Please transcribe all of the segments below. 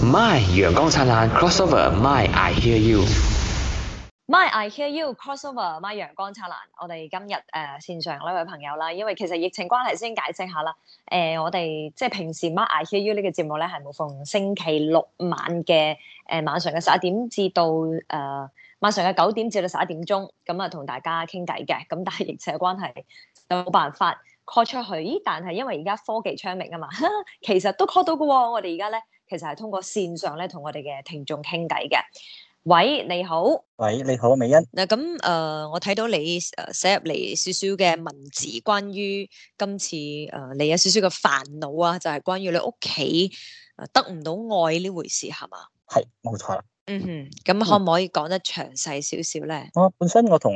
My 陽光燦爛 crossover My I hear you。My I hear you crossover。My 陽光燦爛。我哋今日誒、呃、線上呢位朋友啦，因為其實疫情關係先解釋下啦。誒、呃，我哋即係平時 My I hear you 呢個節目咧係每逢星期六晚嘅誒、呃、晚上嘅十一點至到誒、呃、晚上嘅九點至到十一點鐘咁啊，同大家傾偈嘅。咁但係疫情嘅關係就冇辦法 call 出去。咦？但係因為而家科技昌明啊嘛哈哈，其實都 call 到嘅喎、哦。我哋而家咧。其實係通過線上咧，同我哋嘅聽眾傾偈嘅。喂，你好，喂，你好，美欣。嗱，咁、呃、誒，我睇到你誒寫入嚟少少嘅文字，關於今次誒、呃、你有少少嘅煩惱啊，就係、是、關於你屋企誒得唔到愛呢回事，係嘛？係，冇錯啦。嗯哼，咁可唔可以講得詳細少少咧？嗯、我本身我同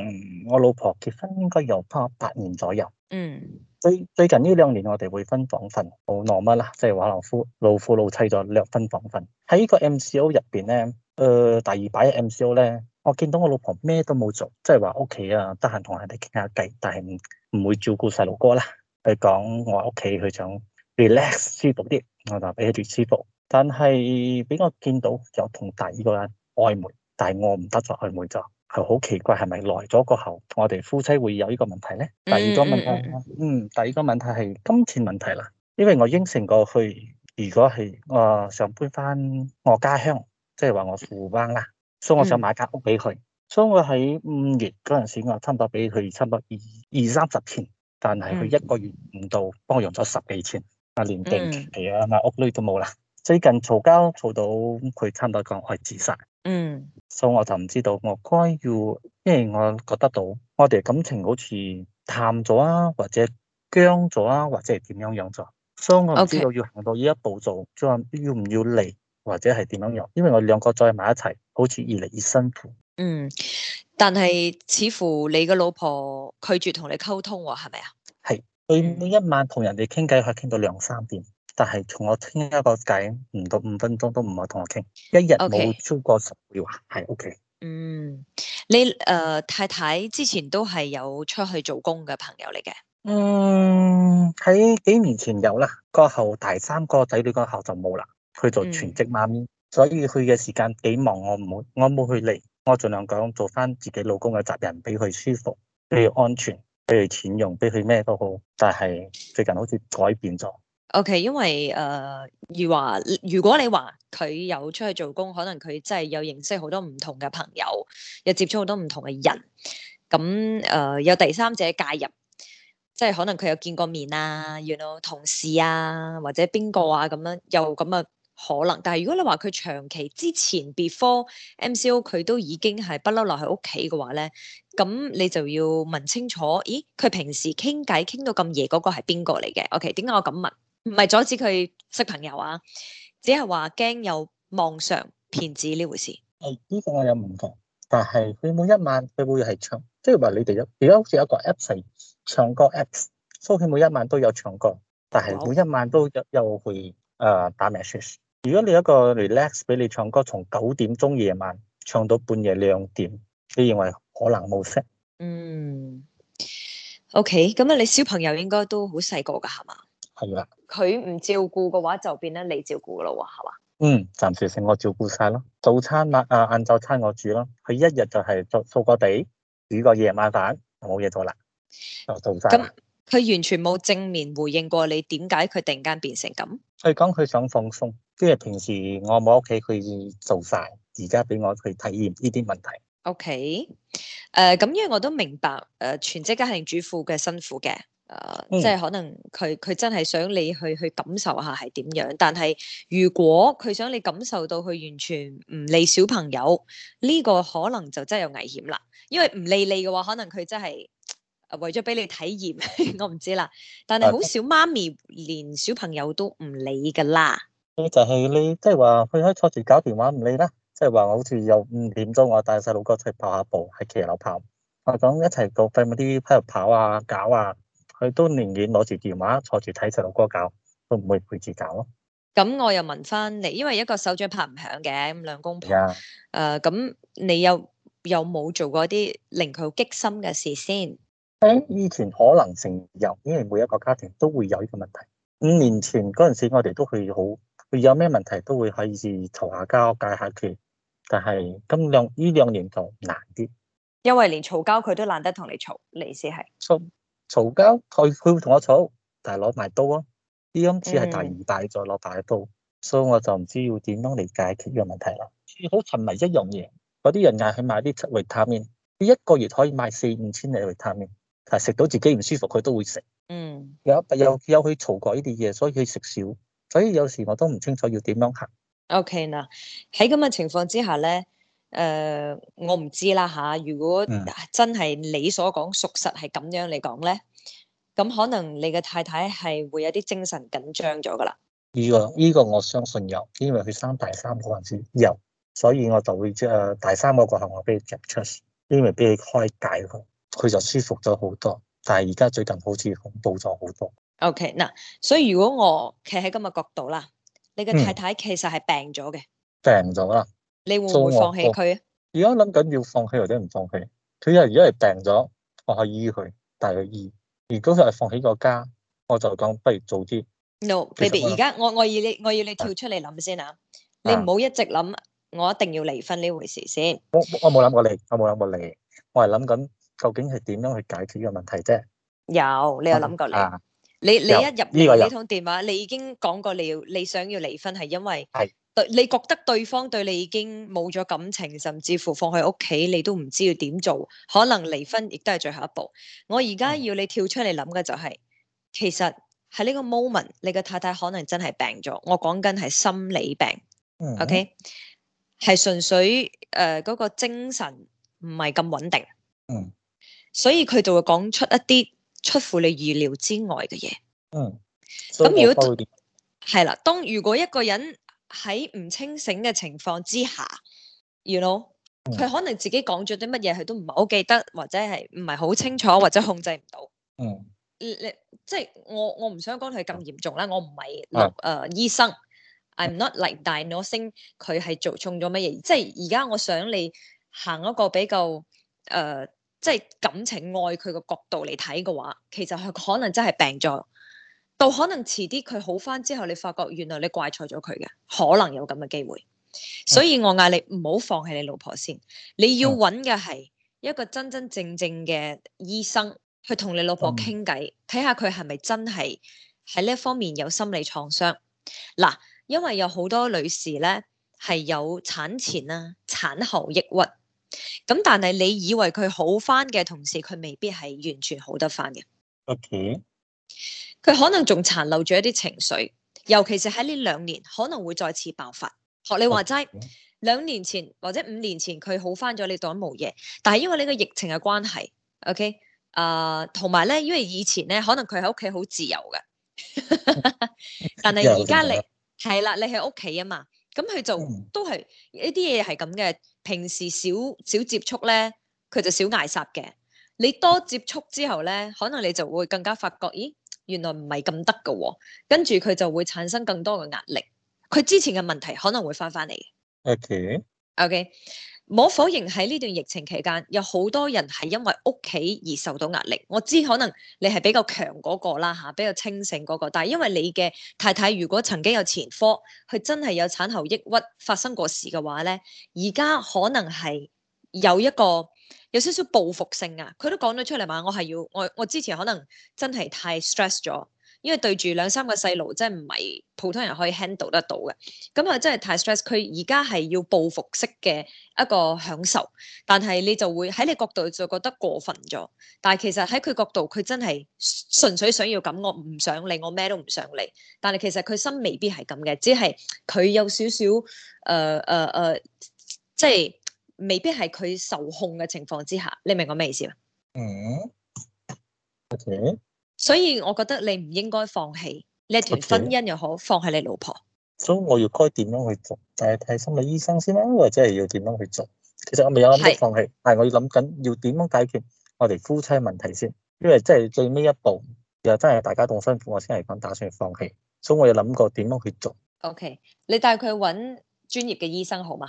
我老婆結婚應該有八八年左右。嗯。最最近呢兩年，我哋會分房瞓，好、哦、浪漫啦，即係話老夫老夫老妻就略分房瞓。喺呢個 MCO 入邊咧，誒、呃，第二擺 MCO 咧，我見到我老婆咩都冇做，即係話屋企啊，得閒同人哋傾下偈，但係唔唔會照顧細路哥啦。佢講我屋企佢想 relax 舒服啲，我就俾佢住舒服。但係俾我見到有同第二個人曖昧，但係我唔得再曖昧咗。係好奇怪，係咪來咗過後，我哋夫妻會有呢個問題咧？第二個問題，嗯，第二個問題係金錢問題啦。因為我應承過佢，如果係誒、呃、想搬翻我家鄉，即係話我父邦啦，所以我想買間屋俾佢。嗯、所以我喺五月嗰陣時，我差唔多俾佢差唔多二二三十千，但係佢一個月唔到，幫我用咗十幾千啊，連定期啊，連屋劵都冇啦。最近嘈交嘈到佢差唔多講我係自殺。嗯。所以、so、我就唔知道我該要，因為我覺得到我哋感情好似淡咗啊，或者僵咗啊，或者點樣樣咗，所、so、以我唔知道 Okay. 要行到呢一步做，即係要唔要離，或者係點樣樣，因為我兩個再埋一齊，好似越嚟越辛苦。嗯，但係似乎你嘅老婆拒絕同你溝通、哦，係咪啊？係，佢每一晚同人哋傾偈，可以傾到兩三點。但係從我傾一個偈唔到五分鐘都唔好同我傾，一日冇超過十秒話係 okay. OK。嗯，你誒、呃、太太之前都係有出去做工嘅朋友嚟嘅。嗯，喺幾年前有啦，過後大三個仔女過後就冇啦，去做全職媽咪，嗯、所以佢嘅時間幾忙，我冇我冇去嚟，我盡量講做翻自己老公嘅責任，俾佢舒服，俾佢安全，俾佢錢用，俾佢咩都好。但係最近好似改變咗。O.K.，因為誒、呃，如話如果你話佢有出去做工，可能佢真係有認識好多唔同嘅朋友，又接觸好多唔同嘅人，咁誒有第三者介入，即係可能佢有見過面啊，原來同事啊，或者邊個啊咁樣有咁嘅可能。但係如果你話佢長期之前 before M.C.O. 佢都已經係不嬲落喺屋企嘅話咧，咁你就要問清楚，咦？佢平時傾偈傾到咁夜嗰個係邊個嚟嘅？O.K. 點解我咁問？唔係阻止佢識朋友啊，只係話驚有網上騙子呢回事。誒、哎、呢、這個我有問題，但係佢每一晚佢會係唱，即係話你哋一，而家好似有個 app 係唱歌 app，所以每一晚都有唱歌，但係每一晚都又去誒打 message。如果你一個 relax 俾你唱歌，從九點鐘夜晚唱到半夜兩點，你認為可能冇咩？嗯，OK，咁啊，你小朋友應該都好細個噶係嘛？係啦，佢唔照顧嘅話，就變得你照顧咯，係嘛？嗯，暫時性我照顧晒咯，早餐啊、晏晝餐我煮咯，佢一日就係做掃個地，煮個夜晚飯，冇嘢做啦，就做晒。咁佢、嗯、完全冇正面回應過你，點解佢突然間變成咁？佢講佢想放鬆，即係平時我冇屋企佢做晒，而家俾我去體驗呢啲問題。O K，誒、咁、嗯、因為我都明白誒、呃、全職家庭主婦嘅辛苦嘅。誒、啊，即係可能佢佢真係想你去去感受下係點樣，但係如果佢想你感受到佢完全唔理小朋友呢、這個可能就真係有危險啦。因為唔理你嘅話，可能佢真係為咗俾你體驗， 我唔知啦。但係好少媽咪連小朋友都唔理噶啦。就係你即係話佢可以坐住搞電話唔理啦，即係話我好似又五點鐘，我帶細路哥一齊跑下步，喺騎樓跑，我講一齊到廢物啲喺度跑啊、搞啊。佢都寧願攞住電話坐住睇細路哥教，會唔會陪住教咯。咁我又問翻你，因為一個手掌拍唔響嘅兩公婆，誒咁你有有冇做過啲令佢好激心嘅事先？以前可能成日，因為每一個家庭都會有呢個問題。五年前嗰陣時，我哋都係好，有咩問題都會可以嘈下交、解下決。但係今兩依兩年就難啲，因為連嘈交佢都懶得同你嘈，你意思係？嘈交，佢佢會同我嘈，但係攞埋刀啊！啲金子係第二大、嗯、再攞大刀，所以我就唔知要點樣嚟解決呢個問題啦。好沉迷一樣嘢，嗰啲人嗌佢買啲維他命，佢一個月可以買四五千嚟維他命，但係食到自己唔舒服，佢都會食。嗯，有有有去嘈過呢啲嘢，所以佢食少，所以有時我都唔清楚要點樣行。OK 嗱，喺咁嘅情況之下咧。誒、呃，我唔知啦吓。如果、嗯、真係你所講屬實係咁樣嚟講咧，咁可能你嘅太太係會有啲精神緊張咗噶啦。呢個呢個我相信有，因為佢生第三個陣時有，所以我就會即係第三個過後我俾佢入出，因為俾佢開解佢，佢就舒服咗好多。但係而家最近好似恐怖咗好多。OK，嗱，所以如果我企喺今日角度啦，你嘅太太其實係病咗嘅、嗯，病咗啦。你會唔會放棄佢啊？而家諗緊要放棄或者唔放棄。佢又而家係病咗，我可以醫佢，但係佢醫。如果佢係放棄個家，我就講不如早啲。No，baby，而家我我要你我要你跳出嚟諗先啊！你唔好一直諗我一定要離婚呢回事先。我我冇諗過你，我冇諗過你，我係諗緊究竟係點樣去解決呢個問題啫。有你有諗過你？你你一入呢通電話，你已經講過你要你想要離婚係因為。係。你覺得對方對你已經冇咗感情，甚至乎放喺屋企，你都唔知要點做，可能離婚亦都係最後一步。我而家要你跳出嚟諗嘅就係、是，其實喺呢個 moment，你嘅太太可能真係病咗。我講緊係心理病，OK 係純粹誒嗰、呃那個精神唔係咁穩定，嗯、mm，hmm. 所以佢就會講出一啲出乎你意料之外嘅嘢，嗯、mm。咁、hmm. so、如果係啦，當如果一個人，喺唔清醒嘅情況之下，you know 佢可能自己講咗啲乜嘢，佢都唔係好記得，或者係唔係好清楚，或者控制唔到。嗯，你即係我我唔想講佢咁嚴重啦，我唔係六誒醫生，I'm not like d 我先佢係做錯咗乜嘢？即係而家我想你行一個比較誒、呃，即係感情愛佢嘅角度嚟睇嘅話，其實佢可能真係病咗。到可能遲啲佢好翻之後，你發覺原來你怪錯咗佢嘅，可能有咁嘅機會。所以我嗌你唔好放棄你老婆先，你要揾嘅係一個真真正正嘅醫生去同你老婆傾偈，睇下佢係咪真係喺呢一方面有心理創傷。嗱，因為有好多女士咧係有產前啊、產後抑鬱，咁但係你以為佢好翻嘅同時，佢未必係完全好得翻嘅。OK。佢可能仲殘留住一啲情緒，尤其是喺呢兩年，可能會再次爆發。學你話齋，兩、嗯、年前或者五年前佢好翻咗，你當冇嘢。但係因為呢個疫情嘅關係，OK，誒、呃，同埋咧，因為以前咧，可能佢喺屋企好自由嘅， 但係而家你係、嗯、啦，你喺屋企啊嘛，咁佢就都係一啲嘢係咁嘅。平時少少接觸咧，佢就少挨殺嘅。你多接觸之後咧，可能你就會更加發覺，咦？原來唔係咁得嘅，跟住佢就會產生更多嘅壓力。佢之前嘅問題可能會翻翻嚟。O K，O K，我否認喺呢段疫情期間有好多人係因為屋企而受到壓力。我知可能你係比較強嗰個啦，吓比較清醒嗰個，但係因為你嘅太太如果曾經有前科，佢真係有產後抑鬱發生過事嘅話咧，而家可能係有一個。有少少報復性啊！佢都講咗出嚟嘛，我係要我，我之前可能真係太 stress 咗，因為對住兩三個細路，真係唔係普通人可以 handle 得到嘅。咁、嗯、啊，真係太 stress。佢而家係要報復式嘅一個享受，但係你就會喺你角度就覺得過分咗。但係其實喺佢角度，佢真係純粹想要咁，我唔想理，我咩都唔想理。但係其實佢心未必係咁嘅，只係佢有少少誒誒誒，即係。未必係佢受控嘅情況之下，你明我咩意思嘛？嗯，OK。所以我覺得你唔應該放棄，你段婚姻又好，Okay. 放棄你老婆。所以、so, 我要該點樣去做？係睇心理醫生先啦，啊，或者係要點樣去做？其實我未有諗到放棄，是但係我要諗緊要點樣解決我哋夫妻問題先，因為真係最尾一步又真係大家咁辛苦，我先係諗打算放棄。所以我要諗過點樣去做。OK，你帶佢揾專業嘅醫生好嗎？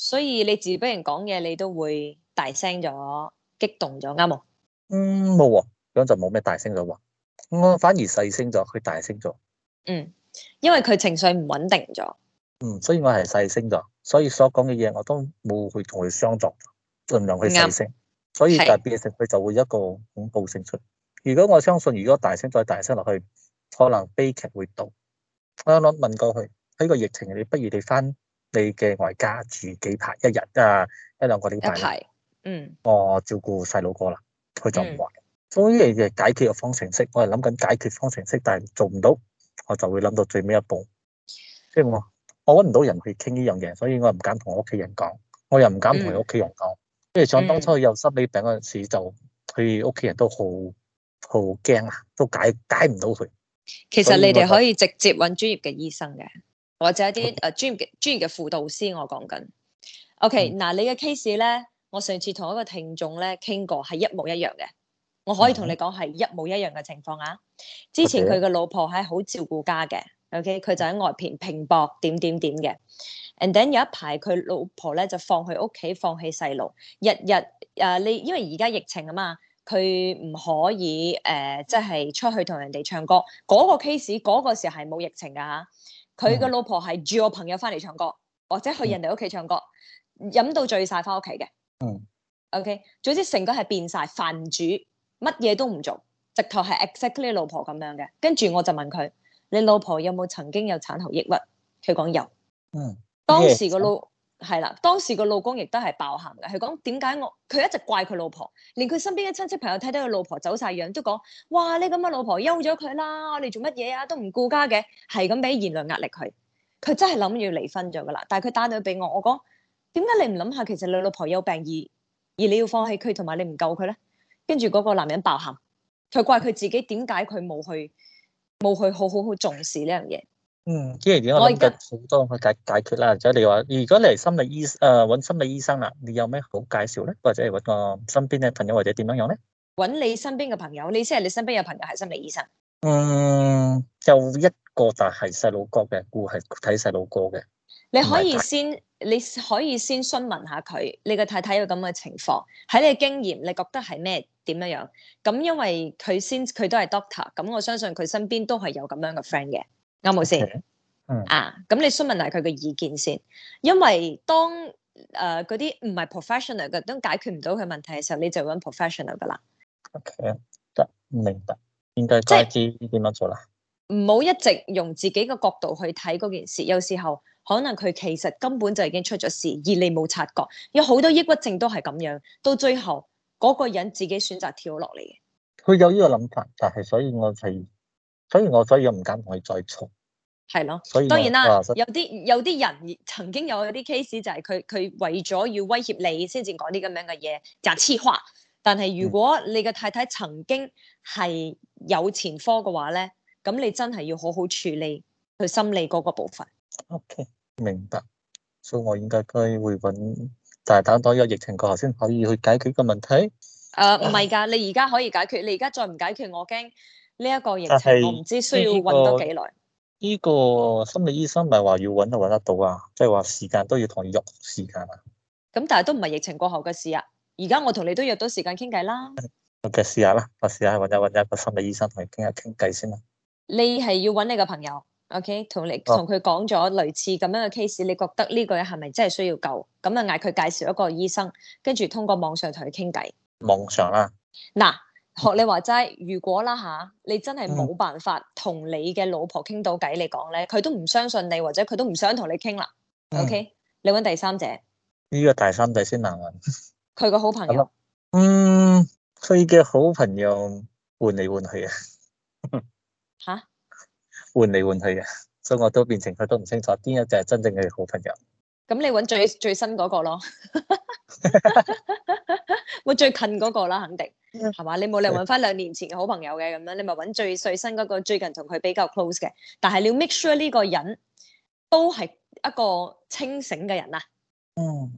所以你自然講嘢，你都會大聲咗，激動咗，啱冇？嗯，冇、啊，咁就冇咩大聲咗喎。我反而細聲咗，佢大聲咗。嗯，因為佢情緒唔穩定咗。嗯，所以我係細聲咗，所以所講嘅嘢我都冇去同佢相作，儘量去細聲。吧所以就變成佢就會一個恐怖性出。是如果我相信，如果大聲再大聲落去，可能悲劇會到。我諗問過佢：這「喺個疫情，你不如你翻。你嘅外家住幾排？一日啊，一兩個點排？嗯，我照顧細佬哥啦，佢就唔外。所以、嗯，亦解決個方程式。我係諗緊解決方程式，但係做唔到，我就會諗到最尾一步。即係我，我搵唔到人去傾呢樣嘢，所以我又唔敢同我屋企人講，我又唔敢同佢屋企人講。即係想當初佢有心理病嗰陣時，就佢屋企人都好好驚啊，都解解唔到佢。其實你哋可以直接搵專業嘅醫生嘅。或者一啲誒專業嘅專業嘅輔導師我，我講緊。O K，嗱你嘅 case 咧，我上次同一個聽眾咧傾過係一模一樣嘅，我可以同你講係一模一樣嘅情況啊。之前佢嘅老婆係好照顧家嘅，O K，佢就喺外邊拼搏點點點嘅，and then 有一排佢老婆咧就放佢屋企，放棄細路，日日誒，你因為而家疫情啊嘛，佢唔可以誒，即、呃、係、就是、出去同人哋唱歌。嗰、那個 case 嗰、那個時候係冇疫情噶吓、啊。佢個老婆係住我朋友翻嚟唱歌，或者去人哋屋企唱歌，飲到醉晒翻屋企嘅。嗯。OK，總之成個係變晒飯主，乜嘢都唔做，直頭係 exactly 老婆咁樣嘅。跟住我就問佢：你老婆有冇曾經有產後抑鬱？佢講有。嗯。當時個老。係啦，當時個老公亦都係爆喊嘅，佢講點解我佢一直怪佢老婆，連佢身邊嘅親戚朋友睇到佢老婆走晒樣，都講哇你咁嘅老婆休咗佢啦，我哋做乜嘢啊都唔顧家嘅，係咁俾輿論壓力佢，佢真係諗住要離婚咗噶啦。但係佢打電話俾我，我講點解你唔諗下其實你老婆有病而而你要放棄佢，同埋你唔救佢咧？跟住嗰個男人爆喊，佢怪佢自己點解佢冇去冇去好好好重視呢樣嘢。嗯，即係點，我都有好多去解解決啦。即、就、係、是、你話，如果你係心理醫誒，搵、呃、心理醫生啦，你有咩好介紹咧？或者係搵個身邊嘅朋友，或者點樣樣咧？搵你身邊嘅朋友，你先係你身邊嘅朋友係心理醫生。嗯，就一個但係細路哥嘅，故係睇細路哥嘅。你可以先，你可以先詢問下佢，你嘅太太有咁嘅情況，喺你經驗，你覺得係咩點樣樣？咁因為佢先，佢都係 doctor，咁我相信佢身邊都係有咁樣嘅 friend 嘅。啱冇先，okay, um. 啊，咁你詢問下佢嘅意見先，因為當誒嗰、呃、啲唔係 professional 嘅都解決唔到佢問題嘅時候，你就揾 professional 噶啦。OK，得，明白，應該即係知點樣做啦。唔好一直用自己嘅角度去睇嗰件事，有時候可能佢其實根本就已經出咗事，而你冇察覺。有好多抑鬱症都係咁樣，到最後嗰、嗰個人自己選擇跳落嚟嘅。佢有呢個諗法，但係所以我係。所以我所以唔敢同佢再嘈的，係咯。所以當然啦哇，有啲有啲人曾經有啲 case 就係佢佢為咗要威脅你，先至講啲咁樣嘅嘢，就黐、是、話。但係如果你嘅太太曾經係有前科嘅話咧，咁你真係要好好處理佢心理嗰個部分。O、okay, K，明白。所以我應該會揾，大係多一個疫情過後先可以去解決個問題。誒、呃，唔係噶，你而家可以解決，你而家再唔解決，我驚。呢一個疫情，我唔知需要揾多幾耐。呢、這個這個心理醫生咪係話要揾就揾得到啊，即係話時間都要同佢約時間啊。咁、嗯、但係都唔係疫情過後嘅事啊。而家我同你都約到時間傾偈啦。我嘅試下啦，我試下揾一揾一,一個心理醫生同你傾下傾偈先啦。你係要揾你個朋友，OK？同你同佢講咗類似咁樣嘅 case，你覺得呢個人係咪真係需要救？咁啊嗌佢介紹一個醫生，跟住通過網上同佢傾偈。網上啦。嗱、嗯。嗯學你話齋，如果啦吓，啊，你真係冇辦法同你嘅老婆傾到偈，嚟講咧，佢都唔相信你，或者佢都唔想同你傾啦。嗯、OK，你搵第三者，呢個第三者先難搵。佢個好朋友，嗯，佢嘅好朋友換嚟換去啊，吓，換嚟換去啊，所以我都變成佢都唔清楚邊一隻係真正嘅好朋友。咁你搵最最新嗰個咯，我最近嗰個啦，啊，肯定。係嘛，嗯？你冇嚟搵翻兩年前嘅好朋友嘅咁樣，你咪搵最最新嗰、嗰個最近同佢比較 close 嘅。但係你要 make sure 呢個人都係一個清醒嘅人啊。嗯，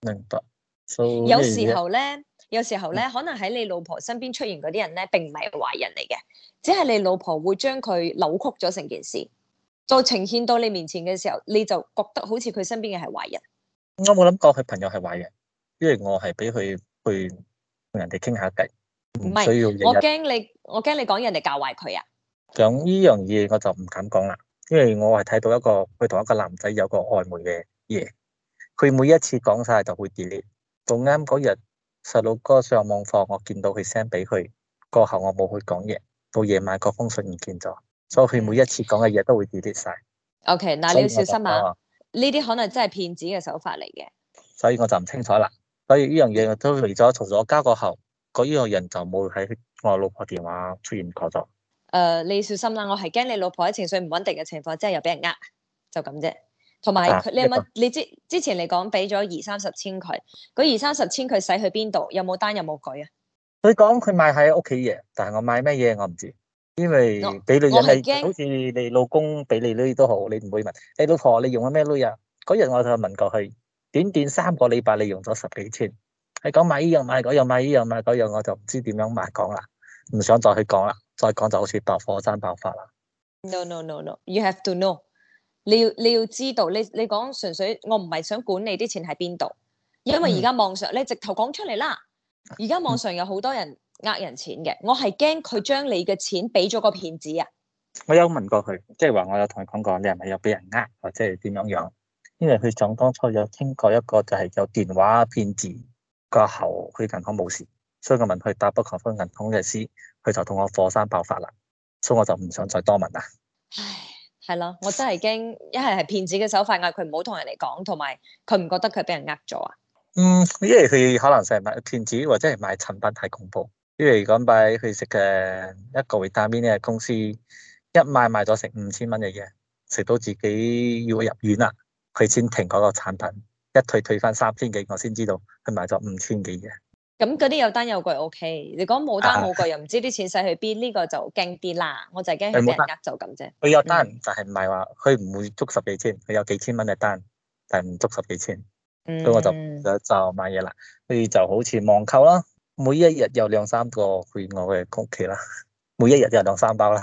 明白。So、有時候咧、嗯，有時候咧，可能喺你老婆身邊出現嗰啲人咧，並唔係壞人嚟嘅，只係你老婆會將佢扭曲咗成件事，再呈現到你面前嘅時候，你就覺得好似佢身邊嘅係壞人。我冇諗過佢朋友係壞人，因為我係俾佢去。同人哋傾下偈，唔係需要。我驚你，我驚你講人哋教壞佢啊！講呢樣嘢我就唔敢講啦，因為我係睇到一個佢同一個男仔有個曖昧嘅嘢，佢每一次講晒就會 delete。到啱嗰日細佬哥上網課，我見到佢 send 俾佢，過後我冇去講嘢。到夜晚嗰封信唔見咗，所以佢每一次講嘅嘢都會 delete 晒。OK，嗱，你要小心啊！呢啲可能真係騙子嘅手法嚟嘅，所以我就唔清楚啦。所以呢樣嘢都嚟咗嘈咗交過後，嗰個人就冇喺我老婆電話出現過咗。誒、呃，你小心啦，我係驚你老婆喺情緒唔穩定嘅情況，之下又俾人呃，就咁啫。同埋、啊、你有冇，啊、你之之前你講俾咗二三十千佢，嗰二三十千佢使去邊度？有冇單？有冇舉啊？佢講佢買喺屋企嘢，但係我買咩嘢我唔知，因為俾女人係、哦、好似你老公俾你啲都好，你唔會問。誒，老婆你用咗咩嘢啊？嗰日我就問過佢。短短三個禮拜，你用咗十幾千，你講買呢樣買嗰樣買呢樣買嗰樣，我就唔知點樣買講啦，唔想再去講啦，再講就好似爆火山爆發啦。No no no no，you have to know，你要你要知道，你你講純粹，我唔係想管你啲錢喺邊度，因為而家網上咧、嗯、直頭講出嚟啦。而家網上有好多人呃人錢嘅，嗯、我係驚佢將你嘅錢俾咗個騙子啊。我有問過佢，即係話我有同佢講過，你係咪有俾人呃，或者點樣樣？因為佢想當初有聽過一個就係有電話騙子個後，佢銀行冇事，所以佢問佢打北強方銀行嘅司，佢就同我火山爆發啦，所以我就唔想再多問啦。唉，係咯，我真係驚一係係騙子嘅手法，嗌佢唔好同人哋講，同埋佢唔覺得佢俾人呃咗啊。嗯，因為佢可能成日買騙子或者係買產品太恐怖，因為講擺佢食嘅一個維他命嘅公司，一買買咗成五千蚊嘅嘢，食到自己要入院啦。佢先停嗰個產品，一退退翻三千幾，我先知道佢買咗五千幾嘅。咁嗰啲有單有櫃 O K，你講冇單冇櫃，啊、又唔知啲錢使去邊，呢、這個就驚啲啦。我就係驚佢人呃就咁啫。佢有單，但係唔係話佢唔會足十幾千，佢、嗯、有幾千蚊嘅單，但係唔足十幾千。嗯，所以我就就買嘢啦。佢就好似網購啦，每一日有兩三個去我嘅屋企啦，每一日都有兩三包啦。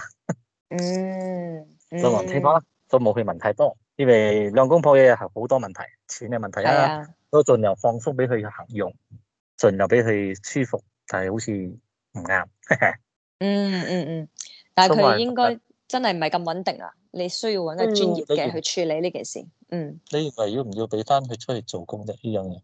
嗯，就望清包，都冇去問太多。因為兩公婆嘢，係好多問題，錢嘅問題啊，係啊，都盡量放鬆俾佢去行用，盡量俾佢舒服，但係好似唔啱。嗯嗯嗯，但係佢應該真係唔係咁穩定啊，你需要揾個專業嘅去處理呢件事。嗯，你以為，要唔要俾翻佢出去做工啫？呢樣嘢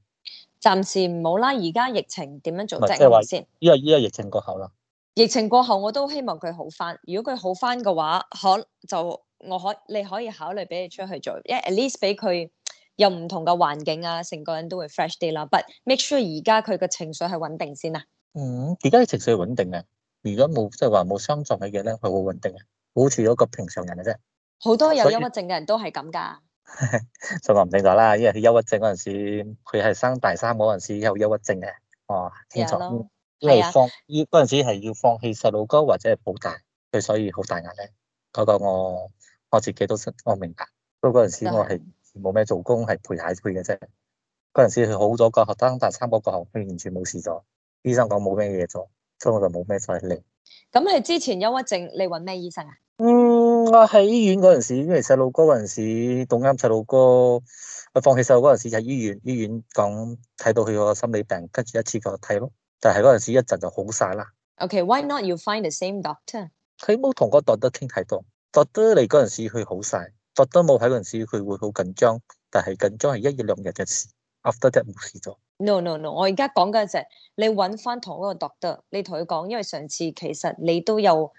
暫時唔好啦，而家疫情點樣做，即係先？因為依家疫情過後啦，疫情過後我都希望佢好翻。如果佢好翻嘅話，可就。我可你可以考慮俾你出去做，因為 at least 俾佢有唔同嘅環境啊，成個人都會 fresh 啲啦。But make sure 而家佢嘅情緒係穩定先啊。嗯，而家嘅情緒係穩定啊。如果冇即係話冇相撞嘅嘢咧，佢好穩定啊。好似一個平常人嘅啫。好多有憂鬱症嘅人都係咁㗎。就話唔定啦，因為佢憂鬱症嗰陣時，佢係生大三嗰陣時有憂鬱症嘅。哦，清楚，因為放依嗰陣時係要放棄細路哥或者係保大，佢所以好大壓力。嗰個我。我自己都識我明白，不過嗰陣時我係冇咩做工，係陪下佢嘅啫。嗰陣時佢好咗個學生，但係差唔多個行，佢完全冇事咗。醫生講冇咩嘢做，所以我就冇咩再嚟。咁你之前憂鬱症，你揾咩醫生啊？嗯，我喺醫院嗰陣時，因為細路哥嗰陣時凍啱細路哥，我放棄細路嗰陣時就喺醫院，醫院講睇到佢個心理病，跟住一次過睇咯。但係嗰陣時一陣就好晒啦。Okay, why not you find the same doctor？佢冇同嗰個 doctor 傾太多。doctor 嚟嗰陣時佢好晒，doctor 冇喺嗰陣時佢會好緊張，但係緊張係一月兩日嘅事，after that 冇事咗。No no no，我而家講嘅就係你揾翻同嗰個 doctor，你同佢講，因為上次其實你都有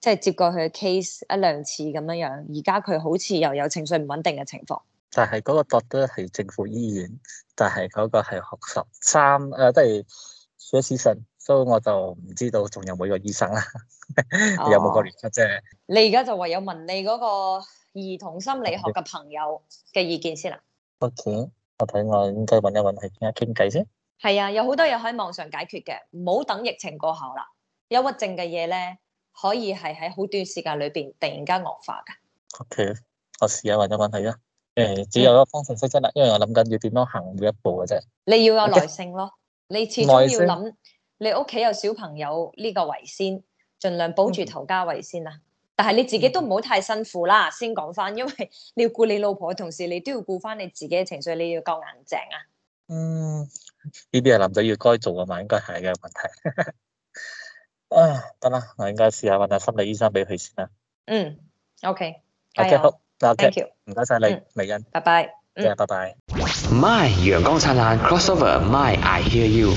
即係、就是、接過佢嘅 case 一兩次咁樣樣，而家佢好似又有情緒唔穩定嘅情況。但係嗰個 doctor 係政府醫院，但係嗰個係學十三誒，即係 associate 所以、so, 我就唔知道仲有冇個醫生啦、啊， 你有冇個聯絡啫、啊哦？你而家就唯有問你嗰個兒童心理學嘅朋友嘅意見先啦。O、okay, K，我睇我應該揾一揾係點樣傾計先。係啊，有好多嘢喺網上解決嘅，唔好等疫情過後啦。憂鬱症嘅嘢咧，可以係喺好短時間裏邊突然間惡化㗎。O、okay, K，我試下揾一揾睇先。誒、嗯，只有一方向識得啦，因為我諗緊要點樣行每一步嘅啫。你要有耐性咯，okay, 你始終要諗性。你屋企有小朋友呢個為先，盡量保住頭家為先啦。嗯、但係你自己都唔好太辛苦啦。先講翻，因為你要顧你老婆嘅同時，你都要顧翻你自己嘅情緒，你要夠硬淨啊。嗯，呢啲係男仔要該做嘅嘛，應該係嘅問題。啊，得啦，我應該試下問下心理醫生俾佢先啦。嗯，OK，阿 Jack 好，阿 Jack 唔該晒你，嗯、美欣，bye bye，嗯、拜拜，拜拜。My 陽光燦爛，Crossover，My I hear you。